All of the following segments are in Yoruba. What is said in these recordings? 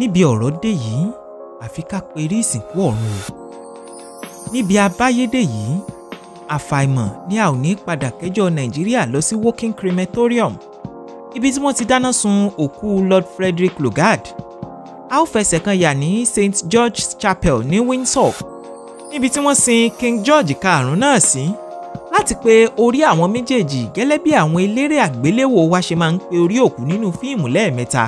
níbi ọ̀rọ̀ dé yìí àfi ká perí ìsìnkú ọ̀run o níbi abáyédè yìí àfàìmọ̀ ni a ò ní padà kẹ́jọ́ nàìjíríà lọ sí woking crematorium ibi tí wọ́n ti dáná sun òkú lord frederick lugard a ó fẹsẹ̀ kan yà ní st george's chapel ní windsor níbi tí wọ́n sin king george karùn-ún náà sí láti pe orí àwọn méjèèjì gẹ́lẹ́ bí àwọn eléré àgbéléwò wa ṣe máa ń pe orí òkú nínú fíìmù lẹ́ẹ̀mẹ́ta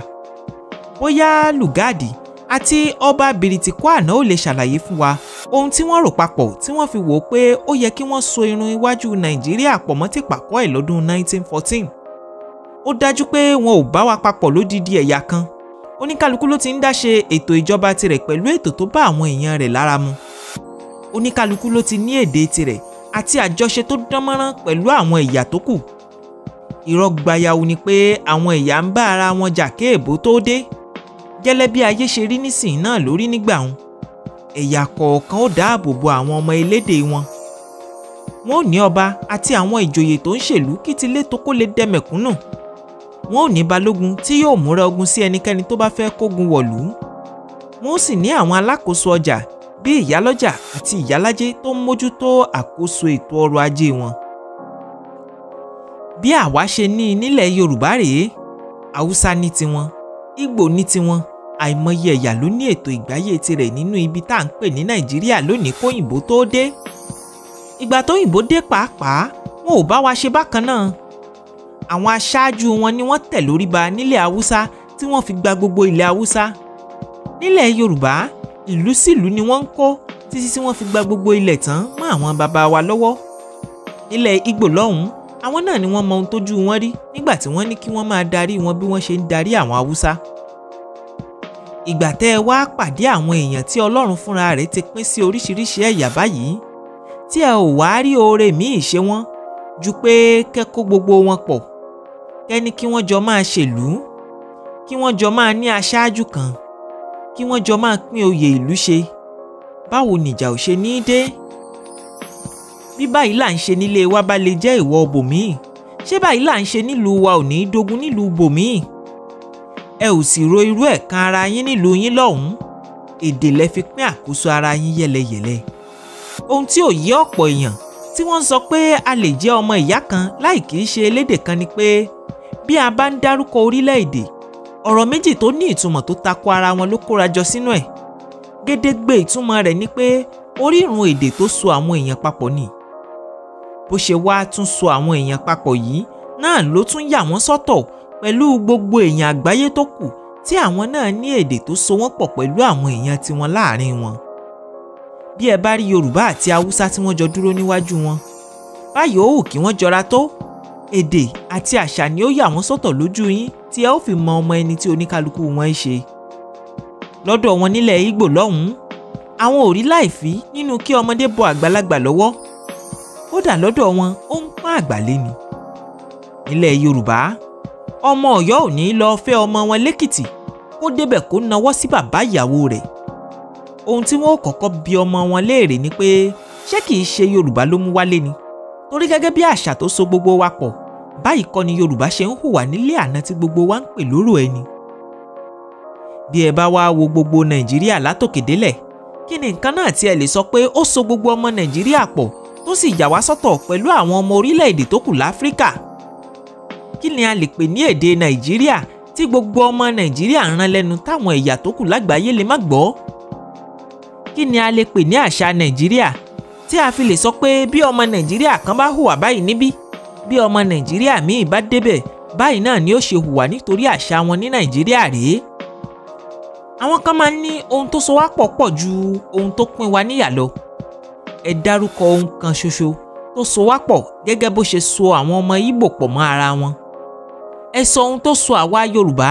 bóyá lùgáàdì àti ọba bìrìtìkọ́àná ò lè ṣàlàyé fún wa ohun tí wọ́n rò papọ̀ tí wọ́n fi wò ó pé ó yẹ kí wọ́n so irun iwájú nàìjíríà pọ̀ mọ́ tìpàkọ́ ẹ̀ lọ́dún 1914 ó dájú pé wọn ò bá wa papọ̀ lódìdí ẹ̀yà kan oníkálukú ló ti ń dáṣe ètò ìjọba tirẹ̀ pẹ̀lú ètò tó bá àwọn èèyàn rẹ̀ lára mu oníkálukú ló ti ní èdè tirẹ̀ àti àjọṣe tó dánmọ́rán pẹ̀lú àwọn ẹ̀yà tó kù irọ́ ni pé àwọn ẹ̀yà ń bá ara wọn jà kéèbó tó dé gẹ́lẹ́ bí ayé ṣe rí nísìn náà lórí nígbà wọn ẹ̀yà kọ̀ọ̀kan ó dáàbò bo àwọn ọmọ elédè wọn wọn ò ní ọba àti àwọn ìjòyè tó ń ṣèlú kí ti lé toko lè dẹmẹ̀kúnnù wọn ò ní balógun tí yóò múra ogun sí ẹnikẹ́ni tó bá fẹ́ kógun wọ̀lú wọn ò sì ní àwọn alákòóso ọjà bí ìyálọ́jà àti ìyálájé tó ń mójútó àkóso ètò ọrọ̀ ajé wọn bí àwa ṣe ní nílẹ̀ Yorùbá rèé Haúsá ní tiwọn Ìgbò ní tiwọn àìmọye ẹ̀yà ló ní ètò ìgbáyé tirẹ̀ nínú ibi tá à ń pè ní Nàìjíríà lónìí kóyìnbó tó dé ìgbà tóyìnbó dé pàápàá wọn ò bá wa ṣe bákan náà àwọn aṣáájú wọn ni wọ́n tẹ̀ lórí ba nílẹ̀ Haúsá tí wọ́n fi gba gbogbo ilẹ̀ Haúsá nílẹ̀ Yorùbá ìlú sílùú ni wọ́n ń kó títí tí wọ́n fi gba gbogbo ilẹ̀ tán mọ́ àwọn bàbá wa lọ́wọ́ nílẹ̀ Ìgbò lọ́hùn àwọn náà ni wọ́n mọ ohun tójú wọn rí nígbà tí wọ́n ní kí wọ́n máa darí wọn bí wọ́n ṣe ń darí àwọn haúsá ìgbà tẹ́ ẹ wá pàdé àwọn èèyàn tí ọlọ́run fúnra rẹ̀ ti pín sí oríṣiríṣi ẹ̀yà báyìí tí ẹ ò wá rí oore míì ṣe wọ́n ju pé kẹ́ gbogbo wọn pọ̀ kẹ́ kí wọ́n jọ máa ṣèlú kí wọ́n jọ máa ní aṣáájú kan kí wọ́n jọ máa pín oyè ìlú ṣe báwo nìjà ò ṣe ní í dé bí báyìí là ń ṣe nílé wa bá lè jẹ́ ìwọ bòmíì ṣé báyìí là ń ṣe nílùú wa ò ní í dogun nílùú bòmíì ẹ ò sì ro irú ẹ̀ kan ara yín nílùú yín lọ́hùn-ún èdè lẹ fi pín àkóso ara yín yẹlẹyẹlẹ ohun tí ò yé ọ̀pọ̀ èèyàn tí wọ́n sọ pé a lè jẹ́ ọmọ ìyá kan láì kìí ṣe elédè kan ni pé bí a bá ń dárúkọ orílẹ̀-èdè ọ̀rọ̀ méjì tó ní ìtumọ̀ tó tako ara wọn ló kóra jọ sínú ẹ̀ gédégbé ìtumọ̀ rẹ̀ ni pé orírun èdè tó so àwọn èèyàn papọ̀ nìyí bó ṣe wá tún so àwọn èèyàn papọ̀ yìí náà ló tún yà wọ́n sọ́tọ̀ pẹ̀lú gbogbo èèyàn àgbáyé tó kù tí àwọn náà ní èdè tó so wọ́n pọ̀ pẹ̀lú àwọn èèyàn tiwọn láàrin wọn. bí ẹ bá rí yorùbá àti haúsá tí wọ́n jọ dúró níwájú wọn báyìí ó wù kí wọ́n jọra tó èdè àti àṣà ni ó yà wọ́n sọ́tọ̀ lójú yín tí ẹ ó fi mọ ọmọ ẹni tí oníkálukú wọn ń ṣe. lọ́dọ̀ wọn nílẹ̀ Ìgbò lọ́hùn-ún àwọn ò rí láìfí nínú kí ọmọdé bọ àgbàlagbà lọ́wọ́ kódà lọ́dọ̀ wọn ó ń pọ́n àgbàlé ni. nílẹ̀ yorùbá ọmọ ọ̀yọ́ ò ní lọ fẹ́ ọmọ wọn lẹ́kìtì kó débẹ̀ kó nawọ́ sí bàbá ìyàwó rẹ̀. ohun tí wọn ò kọ́kọ́ bi ọmọ wọn léèrè ni pé ṣé kìí ṣe yorùbá ló mú wálé ni torí gẹ́gẹ́ bí àṣà tó so gbogbo wa pọ̀ báyìí kọ́ ni yorùbá ṣe ń hùwà nílé àná tí gbogbo wa ń pè lóró ẹni. bí ẹ bá wá wo gbogbo nàìjíríà látòkè délẹ̀ kí ni nǹkan náà tí lè sọ pé ó so gbogbo ọmọ nàìjíríà pọ̀ tó sì yà wá sọ́tọ̀ pẹ̀lú àwọn ọmọ orílẹ̀-èdè tó kù láfíríkà kí ni a lè pè ní èdè nàìjíríà tí gbogbo ọmọ nàìjíríà ń rán lẹ́nu táwọn ẹ̀yà tó kù lágbàáyé lè má gbọ́ kí ni a lè pè ní àṣà nàìjíríà tí a fi lè sọ pé bí ọmọ nàìjíríà kan bá hùwà báyìí níbí bí ọmọ nàìjíríà míì bá débẹ̀ báyìí náà ni ó ṣe hùwà nítorí àṣà wọn ní nàìjíríà rèé àwọn kan máa ń ní ohun tó so wá pọ̀ pọ̀ ju ohun tó pín wa níyà lọ ẹ dárúkọ ohun kan ṣoṣo tó so wá pọ̀ gẹ́gẹ́ bó ṣe so àwọn ọmọ Ìgbò pọ̀ mọ́ ara wọn. ẹ sọ ohun tó so àwa Yorùbá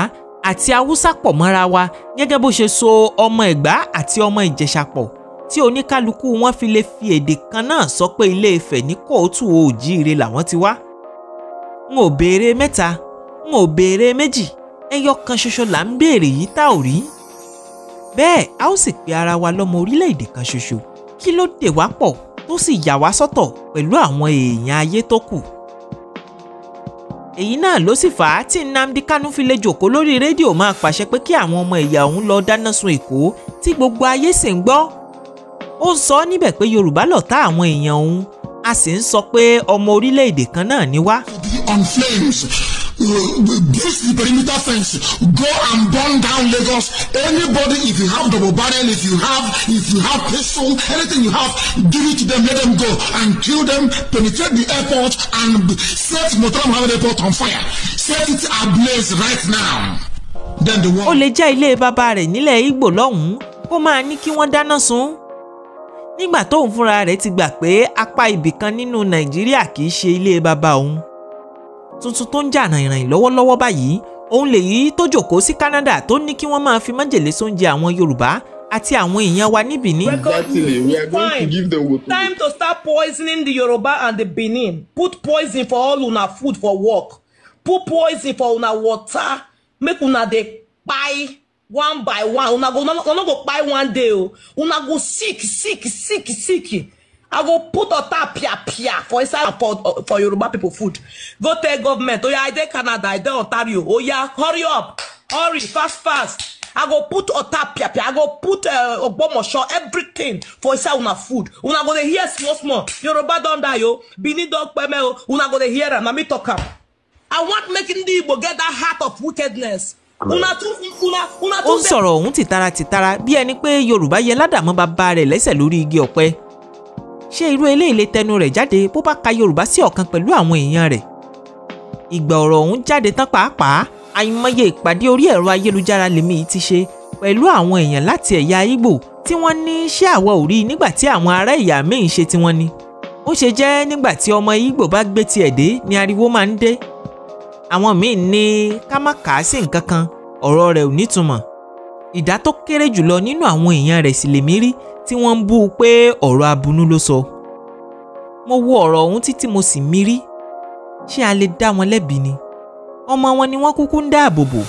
àti Haúsá pọ̀ mọ́ra wa gẹ́gẹ́ bó ṣe so ọmọ Ẹ̀gbá àti ọmọ Ìjẹ̀ṣà pọ̀ tí oníkálukú wọn fi lè fi èdè kan náà sọ pé Ilé Ifẹ̀ ní kóòtù òjíire làwọn ti wá. n ò béèrè mẹ́ta n ò béèrè méjì ẹyọ kan ṣoṣo là ń béèrè yìí tá ò rí. bẹ́ẹ̀ a ó sì pe ara wa lọ́mọ orílẹ̀-èdè kan ṣoṣo kí ló dè wá pọ̀ tó sì yà wá sọ́tọ̀ pẹ̀lú àwọn èèyàn ayé tó kù. èyí náà ló sì fà á tí Nnamdi Kanu fi lè jòkó lórí rédíò máa pàṣẹ pé kí àwọn ọmọ ìyá òun lọ dáná sun Èkó tí gbogbo ayé sì ń gbọ́. ó ń sọ níbẹ̀ pé Yorùbá lọ̀tá àwọn èèyàn òun a sì ń sọ pé ọmọ orílẹ̀-èdè kan náà ni wá you, breach the perimeter fence go and burn down Lagos anybody if you have double barrel if you have if you have pistol anything you have give it to them let them go and kill them penetrate the airport and set Murtala Mohammed airport on fire set it ablaze right now then the world. ó lè jẹ́ ilé bàbá rẹ̀ nílẹ̀ Ìgbò lọ́hùn-ún kó máa ní kí wọ́n dáná sun nígbà tóun fúnra rẹ̀ ti gbà pé apá ibìkan nínú Nàìjíríà kì í ṣe ilé bàbá òun tuntun tó ń jà rìnrìn lọ́wọ́lọ́wọ́ báyìí òun lèyí tó jòkó sí Canada tó ní kí wọ́n máa fi májèlé sóúnjẹ àwọn Yorùbá àti àwọn èèyàn wa ní Benin. Exactly. We are going time. to give them water. Time to start poisoning the Yoruba and the Benin. Put poison for all una food for work. Put poison for una water. Make una dey kpai one by one. Una go una go kpai one day o. Oh. Una go sick sick sick sick i go put ọta pia pia for inside for for yoruba people food go tell government oh oya i dey canada i dey ontario oh oya hurry up hurry fast fast i go put ọta pia pia i go put ogbomoso uh, everything for inside una food una go dey hear small small yoruba don die o oh. benin don pẹmẹ o oh. una go dey hear am na me talk am i want making ndị igbo get that heart of wickedness ó ń sọ̀rọ̀ ọ̀hún tìtara tìtara bí ẹni pé yorùbá yẹ ládàmọ́ bàbá rẹ̀ lẹ́sẹ̀ lórí igi ọ̀pẹ ṣé irú eléyìí lè tẹnu rẹ̀ jáde bó bá ka yorùbá sí ọ̀kan pẹ̀lú àwọn èèyàn rẹ̀ ìgbà ọ̀rọ̀ ọ̀hún jáde tán pàápàá àìmọye ìpàdé orí ẹ̀rọ ayélujára lèmi yìí ti ṣe pẹ̀lú àwọn èèyàn láti ẹ̀yà Ìgbò tí wọ́n ní ṣé àwa ò rí nígbà tí àwọn ará ẹ̀yà míì ṣe tiwọn ni ó ṣe jẹ́ nígbà tí ọmọ Ìgbò bá gbé tiẹ̀ dé ni ariwo máa ń dé àwọn míì ní ká má kà á sí nǹkan kan ọ̀rọ̀ rẹ̀ ò nítumọ̀ ìdá tó kéré jùlọ nínú àwọn èèyàn rẹ̀ sì lèmi rí tí wọ́n ń bú u pé ọ̀rọ̀ abunú ló sọ mo wo ọ̀rọ̀ ọ̀hún títí mo sì mírí ṣé a lè dá wọn lẹ́bi ni ọmọ wọn ni wọ́n kúkú ń dáàbò bò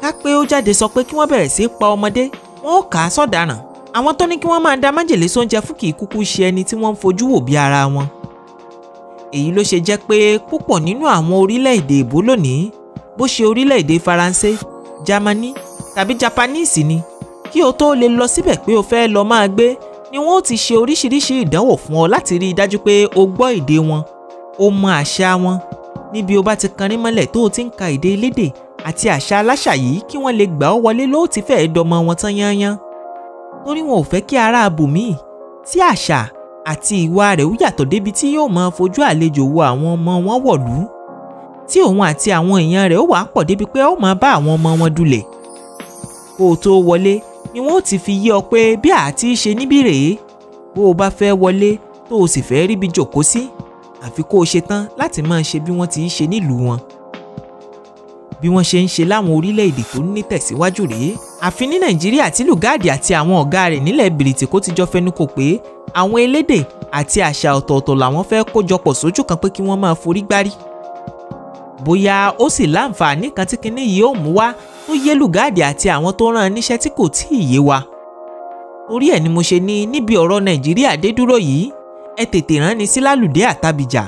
ká pé ó jáde sọ pé kí wọ́n bẹ̀rẹ̀ sí í pa ọmọdé wọn ò kà á sọ̀daràn àwọn tó ní kí wọ́n máa da májèlé sóúnjẹ fún kì í kúkú ṣe ẹni tí wọ́n ń fojú wò bí ara wọn èyí ló ṣe jẹ́ pé púpọ̀ nínú àwọn orílẹ̀-èdè èbó lónìí bó ṣe orílẹ̀-èdè Faransé Jámánì tàbí Japaníìsì ni kí o tó lè lọ síbẹ̀ pé o fẹ́ lọ máa gbé ni wọ́n ti ṣe oríṣiríṣi ìdánwò fún ọ láti rí i dájú pé o gbọ́ èdè wọn o mọ àṣà wọn níbi o bá ti kanrí mọ́lẹ̀ tó o ti ń ka èdè elédè àti àṣà aláṣà yìí kí wọ́n lè gbà ọ́ wọlé ló ti fẹ́ẹ́ dọmọ wọn tán yányán torí wọn ò fẹ́ kí ara abòmíì tí àṣà àti ìwà rẹ̀ ó yàtọ̀ débi tí yóò máa fojú àlejò wo àwọn ọmọ wọn wọ̀lú tí òun àti àwọn èèyàn rẹ̀ ó wàá pọ̀ débi pé ó máa bá àwọn ọmọ wọn dulẹ̀ kó o tó wọlé ni wọn ó ti fi yé ọ pé bí àti ṣe níbí rèé bó o bá fẹ́ wọlé tó o sì fẹ́ ríbi jòkó sí àfi kó o ṣe tán láti máa ṣe bí wọ́n ti ṣe nílùú wọn. bí wọ́n ṣe ń ṣe láwọn orílẹ̀-èdè tó ní tẹ̀síwájú rèé àfi ní nàìjíríà tí lùgáàdì àti àwọn ọ̀gá rẹ̀ nílẹ̀ bìrìtì kó ti jọ fẹnukò pé àwọn elédè àti àṣà ọ̀tọ̀ọ̀tọ̀ làwọn fẹ́ kójọpọ̀ sójú kan pé kí wọ́n máa forí gbárí bóyá ó sì láǹfààní kan tí kinní yìí ó mú wá tó yé lùgáàdì àti àwọn tó rán an níṣẹ́ tí kò tí ì yé wa torí ẹ̀ ni mo ṣe ní níbi ọ̀rọ̀ nàìjíríà dé dúró yìí ẹ tètè ránni sí lálùdé àtàbìjà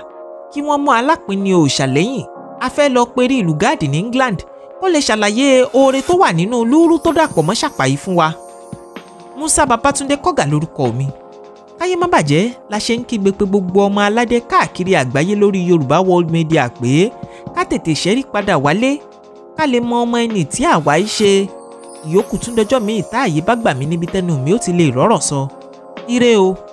kí wọ́n mú alápínni òòṣà lẹ́yìn a fẹ́ lọ perí lùgáàdì ní England ó lè ṣàlàyé oore tó wà nínú lúrú tó dàpọ̀ mọ́ ṣàpàyí fún wa Musa Babatunde Kọ́gà lórúkọ mi káyé má bàjẹ́ la ṣe ń kígbe pé gbogbo ọmọ aládé káàkiri àgbáyé lórí Yorùbá World Media pé ká tètè ṣẹ́rí padà wálé ká lè mọ ọmọ ẹni tí àwa í ṣe ìyókù tún dọjọ́ míì tá àyè bá gbà mí níbi tẹnu mi ó ti lè rọ́rọ̀ sọ ire o.